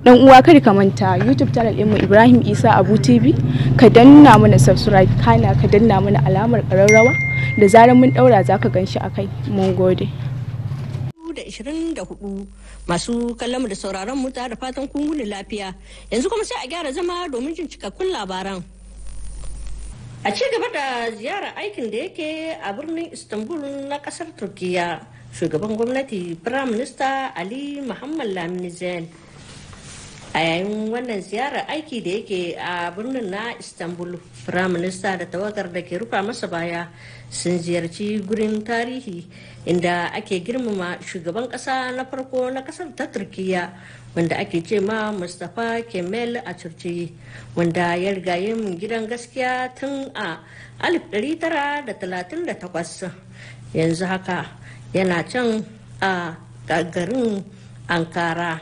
dan uwa kada ka manta youtube channel mu ibrahim isa abu tv ka danna mana subscribe kana ka danna mana alamar kararrawa da zarar mun daura za ka ganshi a kai mun gode masu kallon da sauraron mu da fatan kun wuni lafiya yanzu kuma sai a gyara zama domin jin cikakkun labaran a ci gaba da ziyarar aikin da yake a birnin istanbul na kasar turkiya shugaban gwamnati prime minister ali muhammad lamin a yayin wannan ziyarar aiki da yake a birnin na istanbul firaminista da tawagar da ke rufa masa baya sun ziyarci gurin tarihi inda ake girmama shugaban kasa na farko na kasar ta turkiya wanda ake ce ma mustapha kemal a turci wanda ya riga yin gidan gaskiya tun a 1938 yanzu haka yana can a garin ankara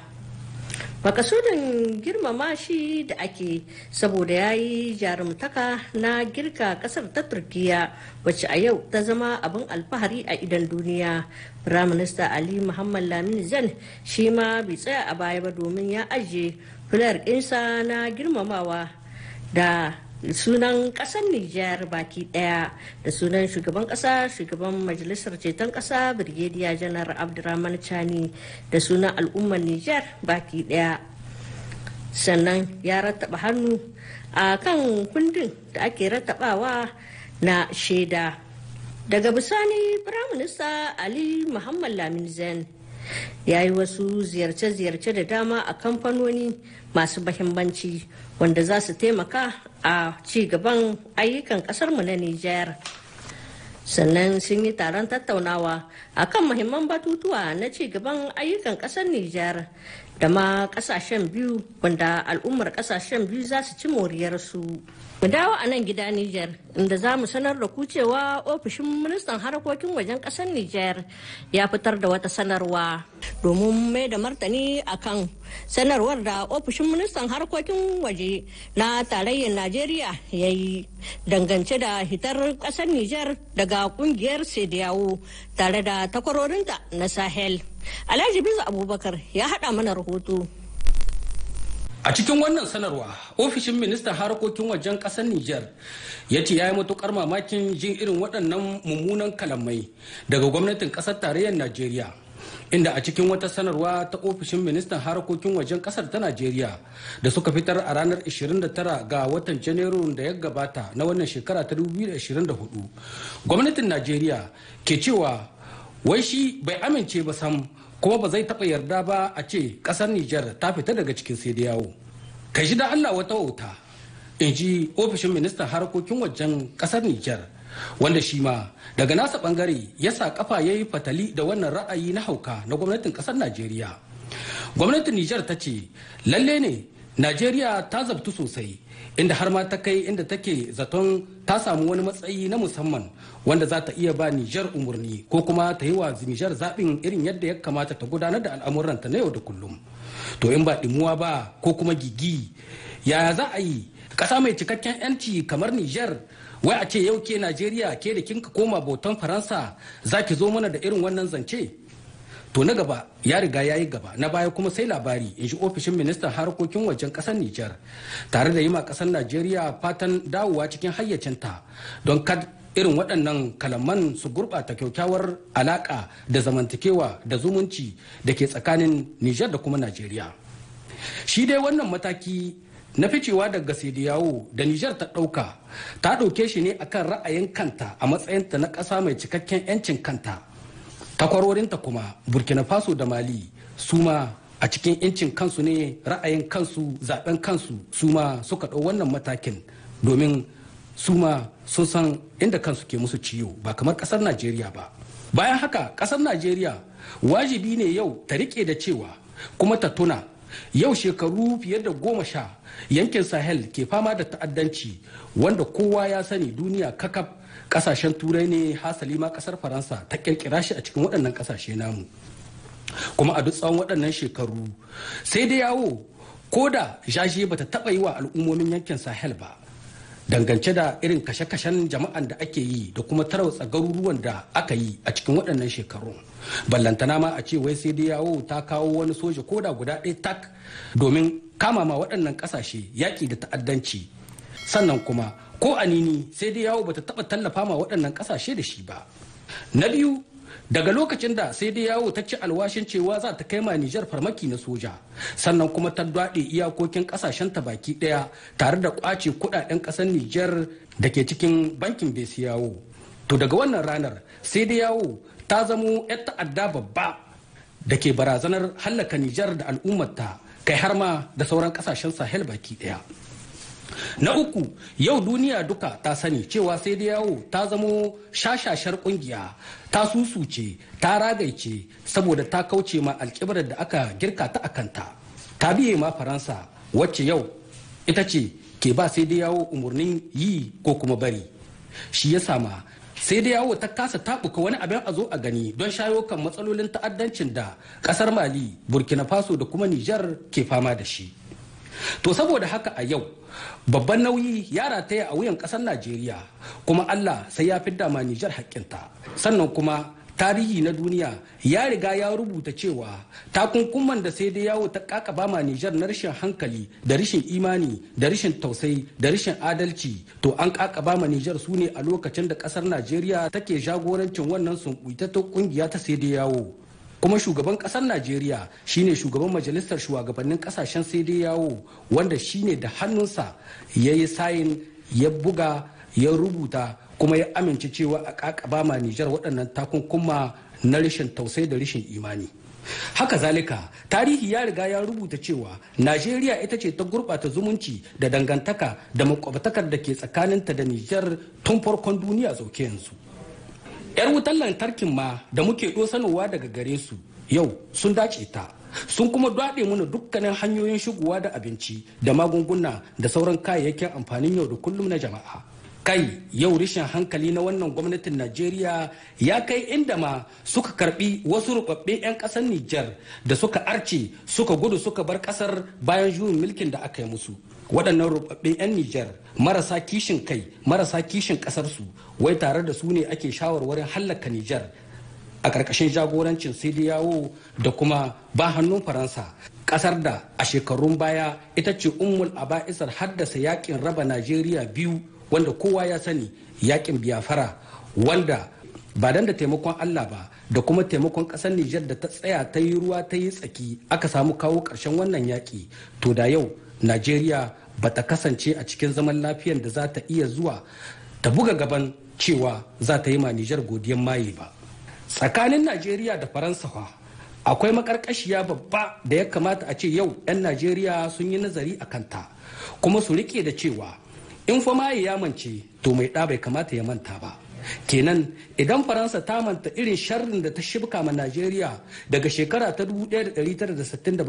sodin girmama shi da ake saboda ya yi jarumtaka na girka kasar ta turkiya wacce a yau ta zama abin alfahari a idan duniya firaminista ali muhammad lamin zan shi ma bai tsaya a baya ba domin ya ajiye fular ɗinsa na girmamawa da sunan kasar Nijar baki daya da sunan shugaban kasa shugaban majalisar ceton kasa birgediya janar abdurrahman chani da sunan al'ummar Nijar baki daya sannan ya rattaba hannu a kan kundin da ake rattabawa na shaida daga bisani firaminista ali muhammad lamin zain ya yi wasu ziyarce-ziyarce da dama a kamfanoni masu bahimmanci wanda za su taimaka a ci gaban ayyukan kasarmu na nijar sannan sun yi taron tattaunawa akan muhimman batutuwa na ci gaban ayyukan kasar nijar da ma kasashen biyu wanda al'ummar kasashen biyu za su ci moriyarsu. Mu dawo a nan gida Nijar, inda za mu sanar da ku cewa ofishin ministan harkokin wajen ƙasar Nijar ya fitar da wata sanarwa domin mai da martani a kan sanarwar da ofishin ministan harkokin waje na tarayyar Najeriya ya yi dangance da hitar ƙasar Nijar daga kungiyar Sediyawo tare da takwarorinta na Sahel. Alhaji Bizu Abubakar ya haɗa mana rahoto. A cikin wannan sanarwa, ofishin ministan harkokin wajen ƙasar Nijar ya ce ya yi matukar mamakin jin irin waɗannan mummunan kalamai daga gwamnatin ƙasar tarayyar Najeriya. Inda a cikin wata sanarwa ta ofishin ministan harkokin wajen ƙasar ta Najeriya da suka fitar a ranar 29 ga watan Janairu da ya gabata na wannan shekara ta 2024, gwamnatin Najeriya ke cewa wai shi bai amince ba sam kuma ba zai taɓa yarda ba a ce ƙasar Nijar ta fita daga cikin sai da yawo. Kai shi da Allah wata wauta in ji ofishin ministan harkokin wajen ƙasar Nijar wanda shi ma daga nasa bangare ya sa kafa ya yi fatali da wannan ra'ayi na hauka na gwamnatin ƙasar Najeriya. Gwamnatin Nijar ta ce lalle ne najeriya ta zabtu sosai inda har ma ta kai inda take zaton ta samu wani matsayi na musamman wanda za ta iya ba nijar umarni ko kuma ta yi wa nijar zaɓin irin yadda ya kamata ta gudanar da al'amuranta na yau da kullum to in ba ɗimuwa ba ko kuma gigi yaya za a yi ƙasa mai cikakken 'yanci kamar nijar wai a ce yau ke najeriya ke da kinka koma bautan faransa za ki zo mana da irin wannan zance to na gaba ya riga ya yi gaba na baya kuma sai labari in shi ofishin ministan harkokin wajen kasar nijar tare da yi ma kasar najeriya fatan dawowa cikin hayyacinta don kad irin waɗannan kalaman su gurɓata kyaukyawar alaƙa da zamantakewa da zumunci da ke tsakanin nijar da kuma najeriya shi dai wannan mataki na ficewa daga sediyawo da nijar ta ɗauka ta ɗauke shi ne akan ra'ayin kanta a matsayinta na ƙasa mai cikakken 'yancin kanta takwarorinta kuma burkina faso da mali su ma a cikin incin kansu ne ra'ayin kansu zaben kansu su ma suka ɗau wannan matakin domin su ma sun san inda kansu ke musu ciyo ba kamar ƙasar najeriya ba bayan haka ƙasar najeriya wajibi ne yau ta riƙe da cewa kuma ta tuna yau shekaru fiye da goma sha yankin sahel ke fama da ta'addanci wanda kowa ya sani duniya kakaf kasashen turai ne hasali ma kasar faransa ta kirkira shi a cikin waɗannan kasashe namu kuma a duk tsawon waɗannan shekaru sai dai yawo ko da ba bata taɓa yi wa al'ummomin yankin sahel ba dangance da irin kashe-kashen jama'an da ake yi da kuma tarwatsa garuruwan da aka yi a cikin waɗannan shekaru ballantana ma a ce wai sai dai yawo ta kawo wani soja ko da guda ɗaya tak domin kama ma waɗannan ƙasashe yaƙi da ta'addanci sannan kuma ko a anini sai dai yawo bata taba tallafa ma waɗannan ƙasashe da shi ba na biyu daga lokacin da sai dai yawo ta ci alwashin cewa za ta kai ma Nijar farmaki na soja sannan kuma ta dwaɗe iyakokin ƙasashen ta baki ɗaya tare da ƙwace kuɗaɗen ƙasar Nijar da ke cikin bankin besi yawo to daga wannan ranar sai dai yawo ta zamo 'yar ta'adda babba da ke barazanar hallaka Nijar da al'ummarta kai har ma da sauran ƙasashen Sahel baki ɗaya. na uku yau duniya duka ta sani cewa sai da yawo ta zamo shashashar kungiya ta susuce ta ragaice saboda ta kauce ma alkibirar da aka girka ta a kanta ta biye ma faransa wacce yau ita ce ke ba sai da yawo umarnin yi ko kuma bari shi ya sama sai da yawo ta kasa tabuka wani abin a zo a gani don shayo kan matsalolin ta'addancin da kasar mali burkina faso da kuma nijar ke fama da shi to saboda haka a yau babban nauyi ya rataya a wuyan kasar najeriya kuma allah sai ya fidda ma nijar haƙƙinta sannan kuma tarihi na duniya ya riga ya rubuta cewa takunkuman da sai dai yawo ta kakaba ma Nijar na rashin hankali da rashin imani da rashin tausayi da rashin adalci to an kakaba ma Nijar su ne a lokacin da kasar Najeriya take jagorancin wannan sunkuitattun kungiya ta sai dai yawo kuma shugaban kasar najeriya shine shugaban majalisar shugabannin kasashen sai dai yawo wanda shine da hannunsa ya yi sayin ya buga ya rubuta kuma ya amince cewa a kakaba ma nijar waɗannan takunkuma na rashin tausai da rashin imani haka zalika tarihi ya riga ya rubuta cewa najeriya ita ce ta gurɓata zumunci da dangantaka da makwabtakar da ke tsakaninta da nijar tun farkon duniya zauke yanzu 'Yar wutar lantarkin ma da muke sanowa daga gare su yau sun dace ta sun kuma daɗe mana dukkanin hanyoyin shigowa da abinci da magunguna da sauran kayayyakin amfanin yau da kullum na jama'a. kai yau rishin hankali na wannan gwamnatin najeriya ya kai inda ma suka karbi wasu rubabbe 'yan kasar nijar da suka arce suka gudu suka bar kasar bayan juyin mulkin da aka yi musu waɗannan rubabbe 'yan nijar marasa kishin kai marasa kishin kasarsu wai tare da su ne ake shawarwarin hallaka nijar a ƙarƙashin jagorancin yawo da kuma ba hannun faransa ƙasar da a shekarun baya ita ce umul ummul aba'isar haddasa yakin raba najeriya biyu wanda kowa ya sani yakin biyafara wanda ba dan da taimakon Allah ba da kuma taimakon ƙasar Nijar da ta tsaya ta yi ruwa ta yi tsaki aka samu kawo ƙarshen wannan yaƙi to da yau Najeriya ba ta kasance a cikin zaman lafiyar da za ta iya zuwa ta buga gaban cewa za ta yi ma Nijar godiyan maye ba. Tsakanin Najeriya da Faransa fa akwai makarkashiya babba da ya kamata a ce yau 'yan Najeriya sun yi nazari a kanta kuma su rike da cewa in fa maye ya mance to mai ɗa bai kamata ya manta ba kenan idan faransa ta manta irin sharrin da ta shibka ma najeriya daga shekara ta 1967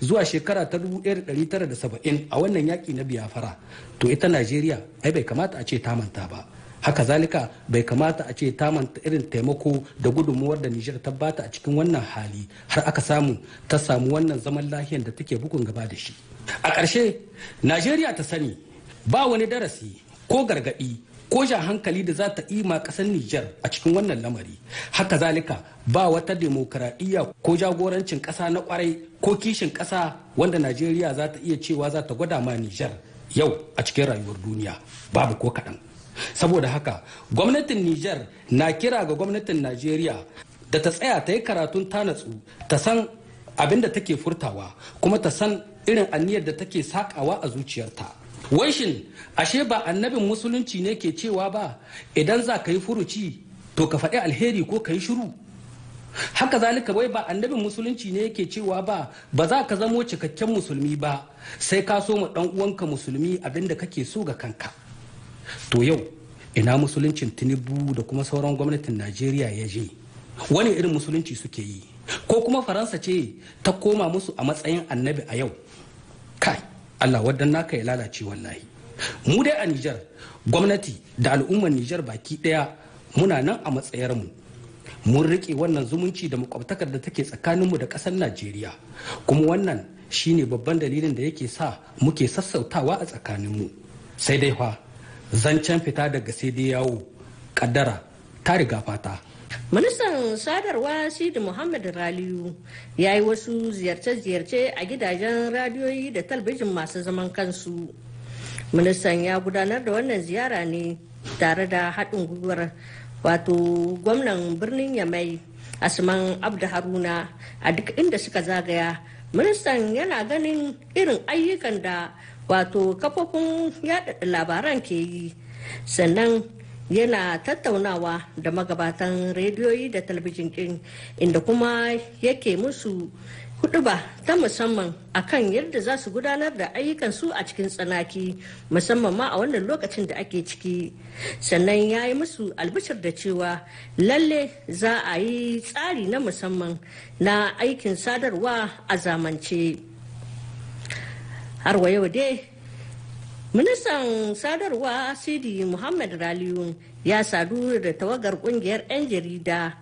zuwa shekara ta 1970 a wannan yaki na biyafara to ita najeriya ai bai kamata a ce ta manta ba haka zalika bai kamata a ce ta manta irin taimako da gudunmuwar da nijar ta bata a cikin wannan hali har aka samu ta samu wannan zaman lahiyar da take bugun gaba da shi a ƙarshe najeriya ta sani ba wani darasi ko gargadi ko jan hankali da za ta ima kasar Nijar a cikin wannan lamari. Haka zalika ba wata demokradiyya ko jagorancin ƙasa na kwarai ko kishin ƙasa wanda Najeriya za ta iya cewa za ta gwada ma Nijar yau a cikin rayuwar duniya babu ko kaɗan. Saboda haka gwamnatin Nijar na kira ga gwamnatin Najeriya da ta tsaya ta yi karatun ta natsu ta san abin da take furtawa kuma ta san irin aniyar da take sakawa a zuciyarta. wanshin ashe ba annabin musulunci ne ke cewa ba idan za ka yi furuci to ka faɗi alheri ko ka yi shiru haka zalika wai ba annabin musulunci ne yake cewa ba ba za ka zamo cikakken musulmi ba sai ka so ma ɗan uwanka musulmi abinda kake so ga kanka to yau ina musuluncin tinubu da kuma sauran gwamnatin najeriya ya je wani irin musulunci suke yi ko kuma faransa ce ta koma musu a matsayin annabi a yau kai Allah Wadan naka ya lalace wallahi mu dai a Nijar gwamnati da al'ummar Nijar baki ɗaya muna nan a matsayar mu mun riƙe wannan zumunci da makwabtakar da take tsakaninmu da ƙasar Najeriya kuma wannan shine babban dalilin da yake sa muke sassautawa a tsakaninmu sai dai fa zancen fita daga sai dai yawo kaddara ta riga fata Ministan sadarwa Sidi Muhammad Raliyu ya yi wasu ziyarce-ziyarce a gidajen radiyoyi da talbijin masu zaman kansu. Ministan ya gudanar da wannan ziyara ne tare da haɗin gwiwar wato gwamnan birnin Yamai Asman Abda Haruna a duk inda suka zagaya. Ministan yana ganin irin ayyukan da wato kafofin yaɗa labaran ke yi. Sannan yana tattaunawa da magabatan rediyoyi da talabijin ɗin inda kuma yake musu huɗuba ta musamman akan yadda za su gudanar da ayyukansu a cikin tsanaki musamman ma a wannan lokacin da ake ciki sannan ya yi musu albishir da cewa lalle za a yi tsari na musamman na aikin sadarwa a zamance har wa yau dai Ministan sadarwa Sidi Muhammad Raliyu ya sadu da tawagar kungiyar 'yan jarida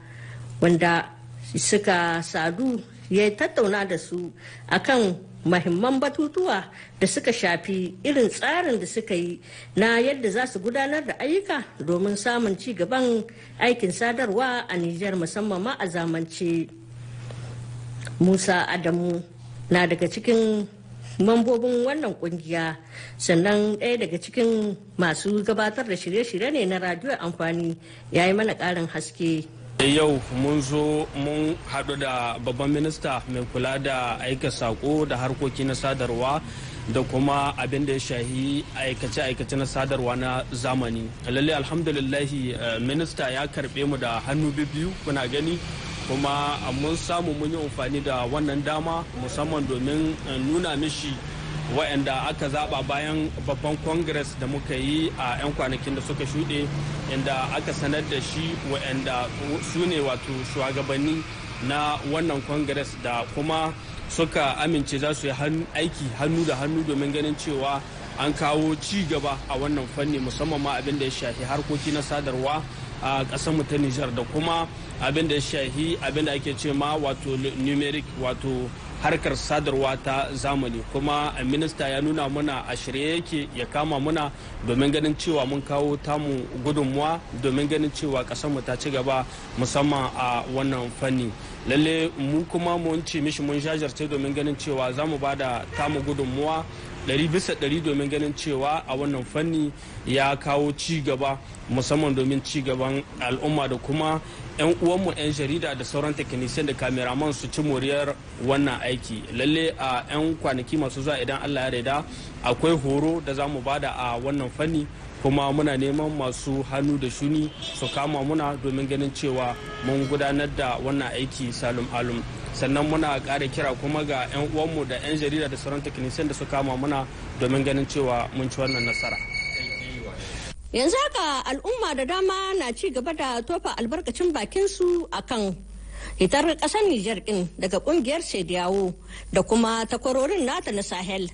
wanda suka sadu ya tattauna da su akan mahimman batutuwa da suka shafi irin tsarin da suka yi na yadda za su gudanar da ayyuka domin samun ci gaban aikin sadarwa a Nijar musamman ma a zamance. Musa Adamu na daga cikin mambobin wannan kungiya sannan ɗaya daga cikin masu gabatar da shirye-shirye ne na radio amfani ya yi mana ƙarin haske eh, yau mun zo mun haɗu da babban minista mai kula da aika sako da harkoki na sadarwa da kuma abin da ya shahi aikace-aikace na sadarwa na zamani lalle alhamdulillahi eh, minista ya karɓe mu da hannu biyu kuna gani kuma mun samu mun yi amfani da wannan dama musamman domin eh, nuna mishi wa'anda aka zaba bayan babban congress da muka yi a 'yan kwanakin da suka shuɗe inda aka sanar da shi wa'anda su ne wato shugabanni na wannan congress da kuma suka amince za su yi aiki hannu da hannu domin ganin cewa an kawo ci gaba a wannan fanni musamman ma abin da ya shafi harkoki na sadarwa a ƙasar mu ta Nijar da kuma abin da shahi abin da ake ce ma wato numeric wato harkar sadarwa ta zamani kuma minista ya nuna muna a shirye yake ya kama muna domin ganin cewa mun kawo tamu gudunmuwa domin ganin cewa mu ta ci gaba musamman a wannan fanni lalle mu kuma mun ce mishi mun shajarce domin ganin cewa za mu ba da tamu gudunmuwa ɗari bisa ɗari domin ganin cewa a wannan fanni ya kawo ci gaba musamman domin ci gaban al'umma da kuma 'yan uwanmu 'yan jarida da sauran teknisiyan da kameraman su ci moriyar wannan aiki lalle a 'yan kwanaki masu zuwa idan allah ya reda akwai horo da za mu bada a wannan fanni kuma muna neman masu hannu da shuni su kama muna domin ganin cewa mun gudanar da wannan aiki salum alum sannan muna ƙara kira kuma ga 'yan uwanmu da 'yan jarida da sauran teknisiyan da su kama muna domin ganin cewa mun ci wannan nasara yanzu haka al'umma da dama na ci gaba da tofa albarkacin bakinsu a kan hitar ƙasar nijar ɗin daga ƙungiyar sediyawo da kuma takwarorin nata na sahel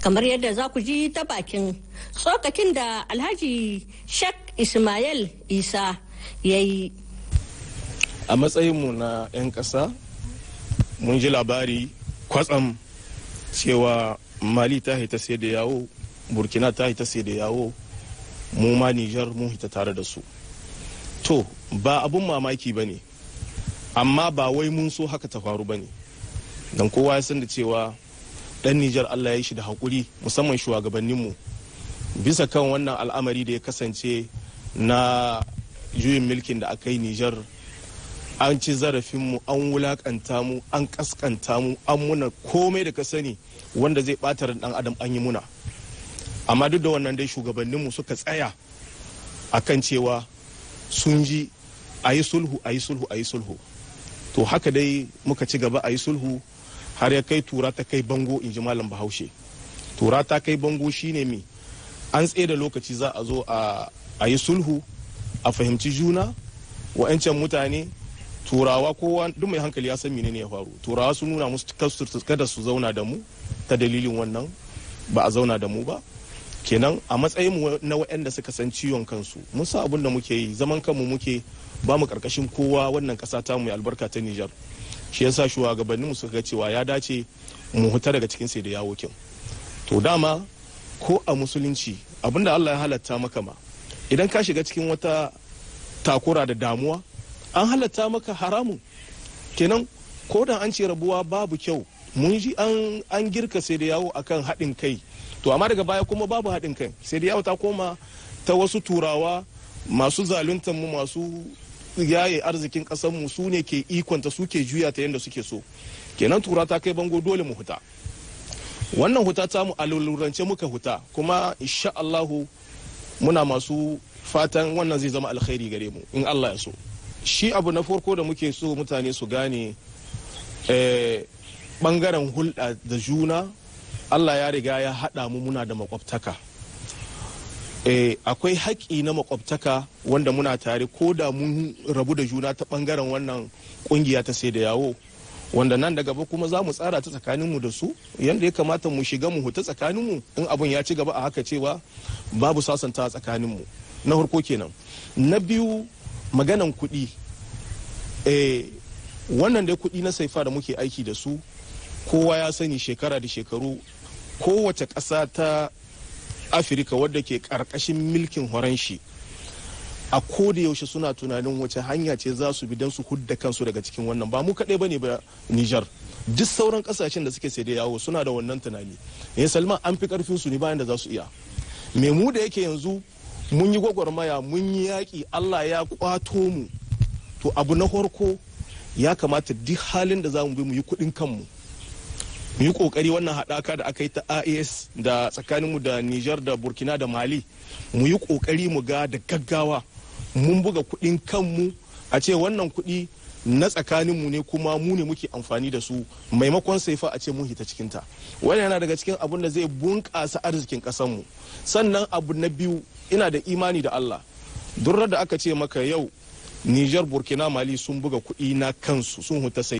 kamar yadda za ku ji ta bakin tsokakin da alhaji shak ismail isa ya yi a matsayinmu na 'yan ƙasa mun ji labari kwatsam cewa mali ta haita sai da yawo burkina ta haita sai da yawo mu ma nijar mu hita tare da su to ba abun mamaki ba ne amma ba wai mun so haka ta faru ba ne don kowa ya san da cewa dan nijar allah ya yi shi da haƙuri musamman shugabanninmu bisa kan wannan al'amari da ya kasance na juyin mulkin da aka yi nijar an ci zarafinmu an wulakanta mu an kaskanta mu an muna komai da ka sani wanda zai ɓata dan adam an yi muna amma duk da wannan dai shugabanninmu suka tsaya akan cewa sun ji a yi sulhu a yi sulhu a yi sulhu to haka dai muka ci gaba a yi sulhu har ya kai tura ta kai bango in ji malam bahaushe tura ta kai bango shine mi an tsaye da lokaci za a zo a yi sulhu a fahimci juna wa'ancan mutane turawa kowa duk mai hankali ya san ne ya faru turawa sun nuna musu kada su zauna da mu ta dalilin wannan ba a zauna da mu ba kenan a matsayin mu na waɗanda suka san ciwon kansu mun sa abin da muke yi zaman kanmu muke ba mu karkashin kowa wannan kasa ta mu albarka ta Nijar shi yasa shugabanninmu suka ga cewa ya dace mu huta daga cikin sai da yawo kin to dama ko a musulunci abinda Allah ya halatta maka ma idan ka shiga cikin wata takura da damuwa an halatta maka haramun kenan ko da an ce rabuwa babu kyau mun ji an girka sai da yawo akan haɗin kai to amma daga baya kuma babu haɗin kai sai da yawo ta koma ta wasu turawa masu zaluntar mu masu yaye arzikin mu su ne ke ikonta su ke juya ta yadda suke so kenan tura ta kai bango dole mu huta wannan huta ta mu alulurance muka huta kuma insha Allahu muna masu fatan wannan zai zama alkhairi gare mu in Allah ya so shi abu na farko da muke so mutane su gane bangaren eh, hulɗa da juna Allah ya riga ya haɗa mu muna da makwabtaka Eh, akwai haƙƙi na makwabtaka wanda muna tare ko da mun rabu da juna ta ɓangaren wannan ƙungiya ta sai da yawo wanda nan da gaba kuma za mu tsara ta tsakaninmu da su yadda ya kamata mu shiga mu huta tsakaninmu in abin ya ci gaba a haka cewa babu sasanta tsakaninmu na harko kenan na biyu maganan kuɗi eh, wannan dai kuɗi na saifa da muke aiki da su kowa ya sani shekara da shekaru kowace ƙasa ta afirka wadda ke karkashin milkin horon shi a koda yaushe suna tunanin wace hanya ce za su bi don su hudda kansu daga cikin wannan ba mu kaɗai ba ne ba nijar duk sauran kasashen da suke sai da yawo suna da wannan tunani ya eh, salma an fi karfin su ne bayan da za su iya me mu da yake yanzu mun yi gwagwarmaya mun yi yaƙi allah ya kwato mu to abu na farko ya kamata duk halin da za mu bi mu yi kuɗin kanmu mu yi kokari wannan haɗaka da aka yi ta AES da mu da Niger da Burkina da Mali mu yi kokari mu ga da gaggawa mun buga kuɗin kanmu a ce wannan kuɗi na tsakanin mu ne kuma mu ne muke amfani da su maimakon saifa a ce mun hita ta wani yana daga cikin abun da zai bunƙasa arzikin mu sannan abu na biyu ina da imani da allah durar da aka ce maka yau niger burkina mali sun buga kuɗi na kansu sun huta sai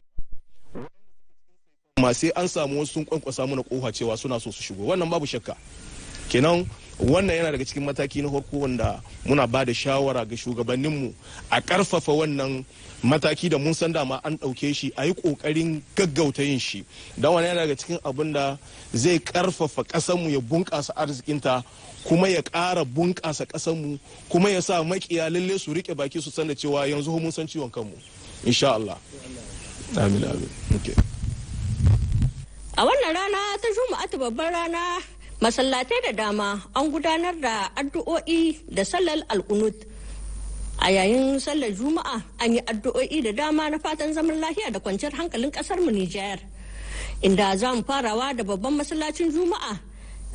ma sai an samu wasu sun kwankwasa mana kofa cewa suna so su shigo wannan babu shakka kenan wannan yana daga cikin mataki na farko wanda muna ba da shawara ga shugabanninmu a karfafa wannan mataki da mun san dama an ɗauke shi a yi ƙoƙarin gaggauta yin shi don wani yana daga cikin abin da zai karfafa ƙasarmu ya bunƙasa arzikinta kuma ya ƙara bunƙasa ƙasarmu kuma ya sa maƙiya lalle su riƙe baki su san da cewa yanzu mun san ciwon kanmu insha Allah amin amin okay. A wannan rana ta ta babban rana masallatai da dama an gudanar da addu'o'i da sallar alkunut a yayin sallar juma'a an yi addu'o'i da dama na fatan zaman lafiya da kwanciyar hankalin kasar mu Nijar inda za mu farawa da babban masallacin juma'a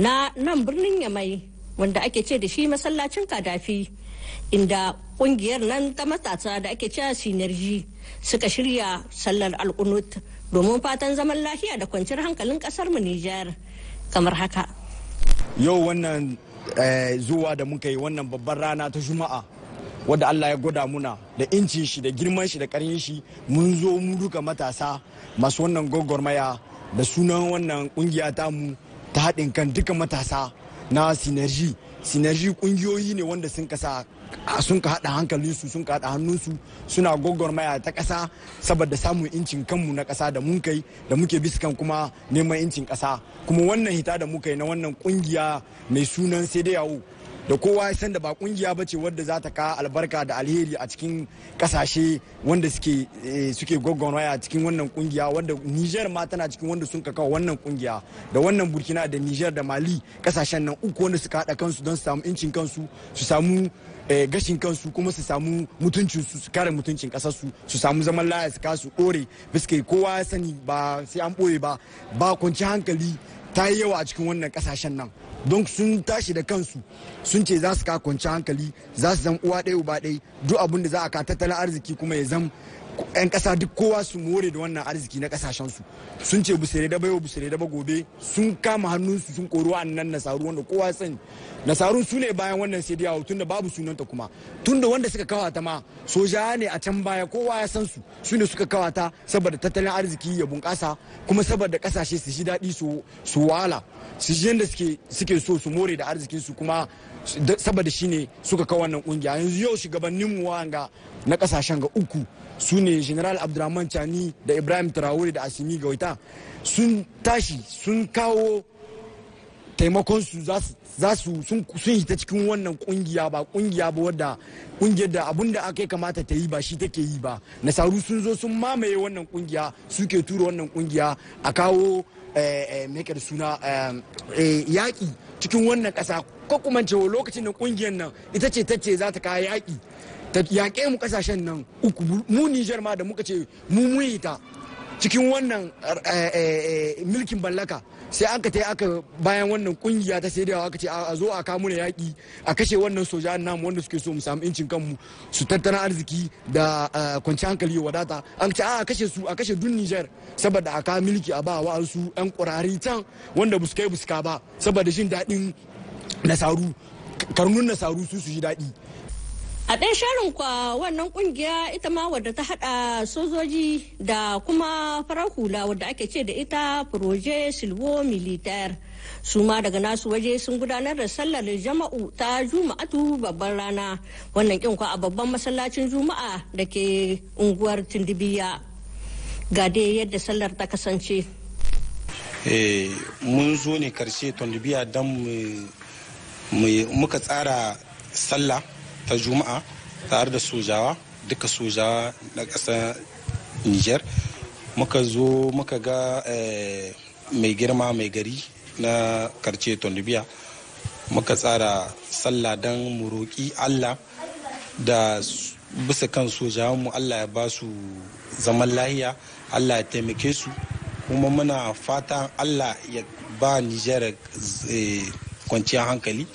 na nan birnin Yamai wanda ake ce da shi masallacin Kadafi inda kungiyar nan ta matasa da ake cewa sinerji suka shirya sallar alkunut domin fatan zaman lafiya da kwanciyar hankalin kasar mu Nijar kamar haka. Yau wannan eh, zuwa da muka yi wannan babbar rana ta Juma'a wadda Allah ya gwada muna da incin shi da girman shi da karin shi mun zo mu duka matasa masu wannan gwagwarmaya da sunan wannan kungiya mu ta haɗin kan duka matasa na sinerji sinerji kungiyoyi ne wanda sun kasa sun ka haɗa hankalinsu sun ka haɗa hannunsu suna gwagwarmaya ta ƙasa saboda samun incin kanmu na ƙasa da mun kai da muke biskan kuma neman incin ƙasa kuma wannan hita da muka yi na wannan ƙungiya mai sunan sai da yawo da kowa ya san da ba kungiya ba ce wadda za ta ka albarka da alheri a cikin kasashe wanda suke eh, suke gwagwarmaya a cikin wannan kungiya wanda Niger ma tana cikin wanda sun kawo wannan kungiya da wannan Burkina da Niger da Mali kasashen nan uku wanda suka haɗa kansu don su samu incin kansu su samu eh, gashin kansu kuma su samu mutuncin su su kare mutuncin kasar su su samu zaman laya su kasu kore biske kowa ya sani ba sai an boye ba ba kwanci hankali ta yi yawa a cikin wannan kasashen nan don sun tashi da kansu sun ce za su ka hankali za su zama uwa ɗaya uba ɗaya duk abin da za a ka tattalin arziki kuma ya zama 'yan kasa duk kowa su more da wannan arziki na su sun ce busere da bayo busere da gobe sun kama hannunsu sun koro nan nasaru wanda kowa sani nasarun su ne bayan wannan sai tun tunda babu sunanta kuma tunda wanda suka kawata ma soja ne a can baya kowa ya san su su ne suka kawata saboda tattalin arziki ya bunƙasa kuma saboda kasashe su ji daɗi su wahala su ji yadda suke so su more da arzikin su kuma saboda shine suka kawo wannan kungiya yanzu yau shugabanninmu ga na kasashen ga uku su ne general abdurrahman chani da ibrahim traore da asimi gawaita sun tashi sun kawo taimakonsu za su sun hita cikin wannan kungiya ba kungiya ba wadda kungiyar da abun da aka kamata ta yi ba shi take yi ba nasaru sun zo sun mamaye wannan kungiya suke tura wannan kungiya a kawo eh, eh, mekar suna eh, yaƙi cikin wannan ƙasa ko kuma cewa lokacin da kungiyar nan ita ce ta ce za ta kawo yaƙi ta yaƙe mu kasashen nan uku mu Nijar ma da muka ce mu muyi ta cikin wannan eh, eh, eh, milkin ballaka sai aka ta aka bayan wannan kungiya ta sai aka ce a zo a kamu na yaƙi a kashe wannan sojan namu wanda suke so mu samu incin kanmu su tattara arziki da kwanci hankali wadata an ce a kashe su a kashe dun Nijar saboda a ka milki a ba wa'ansu yan kurari can wanda buskai buska ba saboda jin daɗin nasaru karnun nasaru su su ji daɗi A ɗaya sharin kwa wannan kungiya ita ma wadda ta haɗa sojoji da kuma farar hula wadda ake ce da ita Proje Silvo Militar. Su ma daga nasu waje sun gudanar da sallar jama'u ta Juma'atu babban rana wannan kin kwa a babban masallacin Juma'a da ke unguwar Tindibiya. Ga dai yadda sallar ta kasance. Eh, mun zo ne karshe Tindibiya don muka tsara sallah ta juma'a tare da sojawa duka sojawa na ƙasar niger muka zo muka ga eh, mai girma mai gari na karce tondubiya muka tsara sallah don mu roƙi allah da bisa kan sojawanmu allah ya ba su zaman lahiya allah ya taimake su kuma muna fatan allah ya ba nijar eh, kwanciyar hankali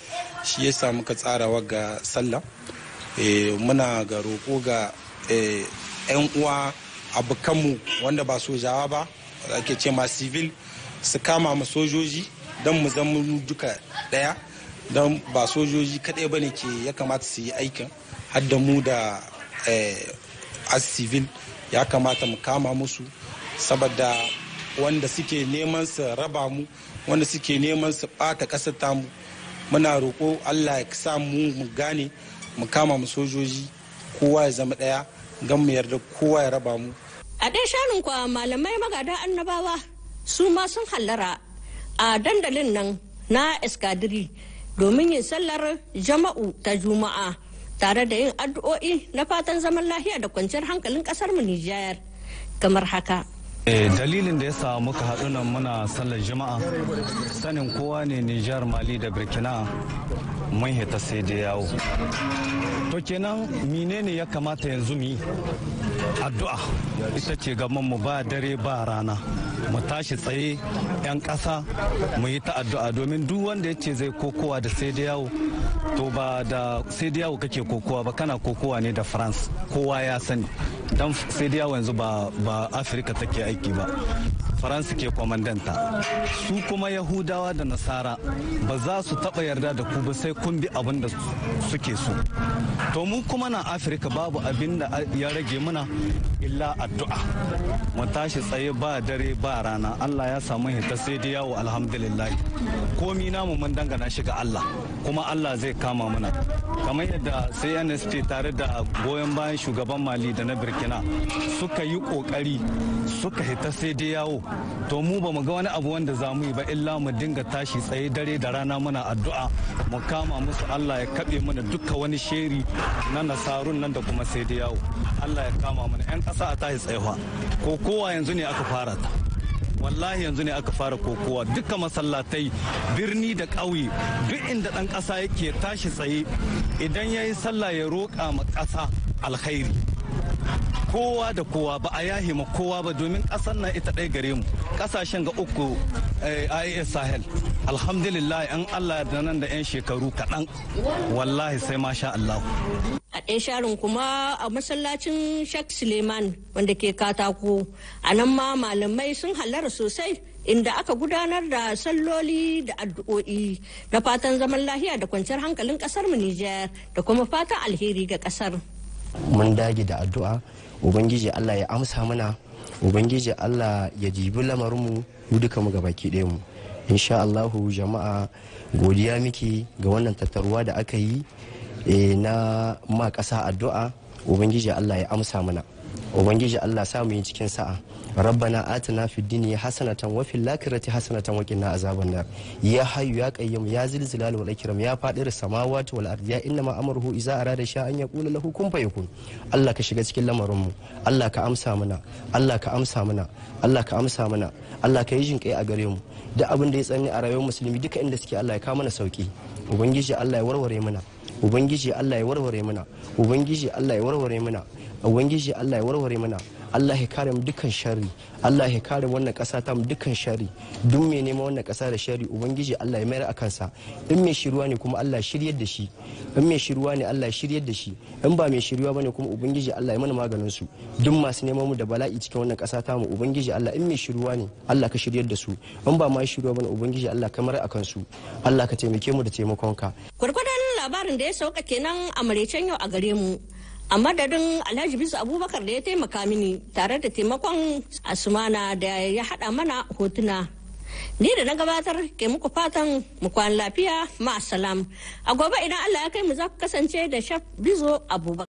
shi ya samu ka tsara ga sallah eh, muna ga roƙo ga 'yan eh, uwa abokanmu wanda ba sojawa ba ake ce ma civil su kama mu sojoji don mu zama duka ɗaya don ba sojoji kaɗai ba ne ke ya kamata su yi aikin hadda mu da eh, as civil ya kamata mu kama musu saboda wanda suke neman su raba mu wanda suke neman su ɓata ƙasar tamu muna roƙo allah ya sa mu mu gane mu kama mu sojoji kowa ya zama ɗaya gan mu yarda kowa ya raba mu a ɗan shanun kwa malamai magada annabawa su ma sun hallara a dandalin nan na eskadiri domin yin sallar jama'u ta juma'a tare da yin addu'o'i na fatan zaman lahiya da kwanciyar hankalin kasar mu kamar haka. Eh, dalilin da ya sa muka haɗu nan muna sallar jama'a sanin kowa ne nijar mali da burkina mun hita sai da yawo to kenan menene ya kamata yanzu mu yi addu'a ita ce ga mu ba dare ba rana mu tashi tsaye 'yan ƙasa mu yi ta'addu'a domin duk wanda ya ce zai kokowa da sai da yawo to ba da sai da yawo kake kokowa ba kana kokowa ne da france kowa ya sani dan sai da yawo yanzu ba afirka take aiki ba faransa ke kwamandanta su kuma yahudawa da nasara ba za su taɓa yarda da ku ba sai kun bi abin da suke so to mu kuma na afirka babu abin da ya rage mana illa addu'a mu tashi tsaye ba dare ba rana allah ya samu hita sai dai yawo alhamdulillah komi namu mun dangana shi ga allah kuma allah zai kama muna kamar yadda cnsp tare da goyon bayan shugaban mali da na burkina suka yi kokari suka hita sai dai yawo to mu ba mu ga wani abu wanda za mu yi ba illa mu dinga tashi tsaye dare da rana muna addu'a mu kama musu Allah ya kaɓe mana duka wani sheri na nasarun nan da kuma sai da yawo Allah ya kama mana 'yan ƙasa a tashi tsayewa ko kowa yanzu ne aka fara ta wallahi yanzu ne aka fara kokowa duka masallatai birni da ƙauye duk inda ɗan ƙasa yake tashi tsaye idan ya yi sallah ya roƙa ma ƙasa alkhairi kowa da kowa ba a yahi ma kowa ba domin kasar na ita ɗaya gare mu ƙasashen ga uku eh, IAS Sahel alhamdulillah an Allah da nan da 'yan shekaru kaɗan wallahi sai masha Allah. a ɗaya sharin kuma a masallacin Sheikh Suleiman wanda ke katako a nan ma malamai sun halara sosai inda aka gudanar da salloli da addu'o'i na fatan zaman lahiya da kwanciyar hankalin kasar mu Nijar da kuma fatan alheri ga kasar. Mun dage da addu'a ubangiji allah ya amsa mana ubangiji allah ya jibi lamarinmu mu duka mu gabaki ɗaya mu insha allahu jama'a godiya miki ga wannan tattaruwa da aka yi eh, na ma ƙasa addu'a ubangiji allah ya amsa mana ubangiji Allah sa mu yi cikin sa'a rabbana atina fiddini dunya hasanatan wa fil akhirati hasanatan wa qina azaban nar ya hayyu ya qayyum ya zilzilal wal ikram ya fadir samawati wal ardi ya inna ma amruhu iza arada sha an yaqula lahu kun fayakun Allah ka shiga cikin lamarin mu Allah ka amsa mana Allah ka amsa mana Allah ka amsa mana Allah ka yi a gare mu da abin da ya tsani a rayuwar musulmi duka inda suke Allah ya kawo mana sauki ubangiji Allah ya warware mana ubangiji Allah ya warware mana ubangiji Allah ya warware mana ubangiji Allah ya warware mana Allah ya kare mu dukkan shari Allah ya kare wannan kasa ta mu dukkan shari duk mai neman wannan kasa da shari ubangiji Allah ya mayar a kansa in mai shiruwa ne kuma Allah shiryar da shi in mai shiruwa ne Allah shiryar da shi in ba mai shiruwa bane kuma ubangiji Allah ya mana maganin su duk masu neman mu da bala'i cikin wannan kasa ta mu ubangiji Allah in mai shiruwa ne Allah ka shiryar da su in ba mai shiruwa bane ubangiji Allah ka mayar a kansu Allah ka taimake mu da ka. gwargwadon labarin da ya sauka kenan a maraicen yau a gare mu a madadin alhaji bisu abubakar da ya taimaka mini tare da taimakon asumana da ya hada mana hotuna ni da na gabatar ke muku fatan mu kwan lafiya ma a gobe idan allah ya kai mu za ku kasance da shaf bizo abubakar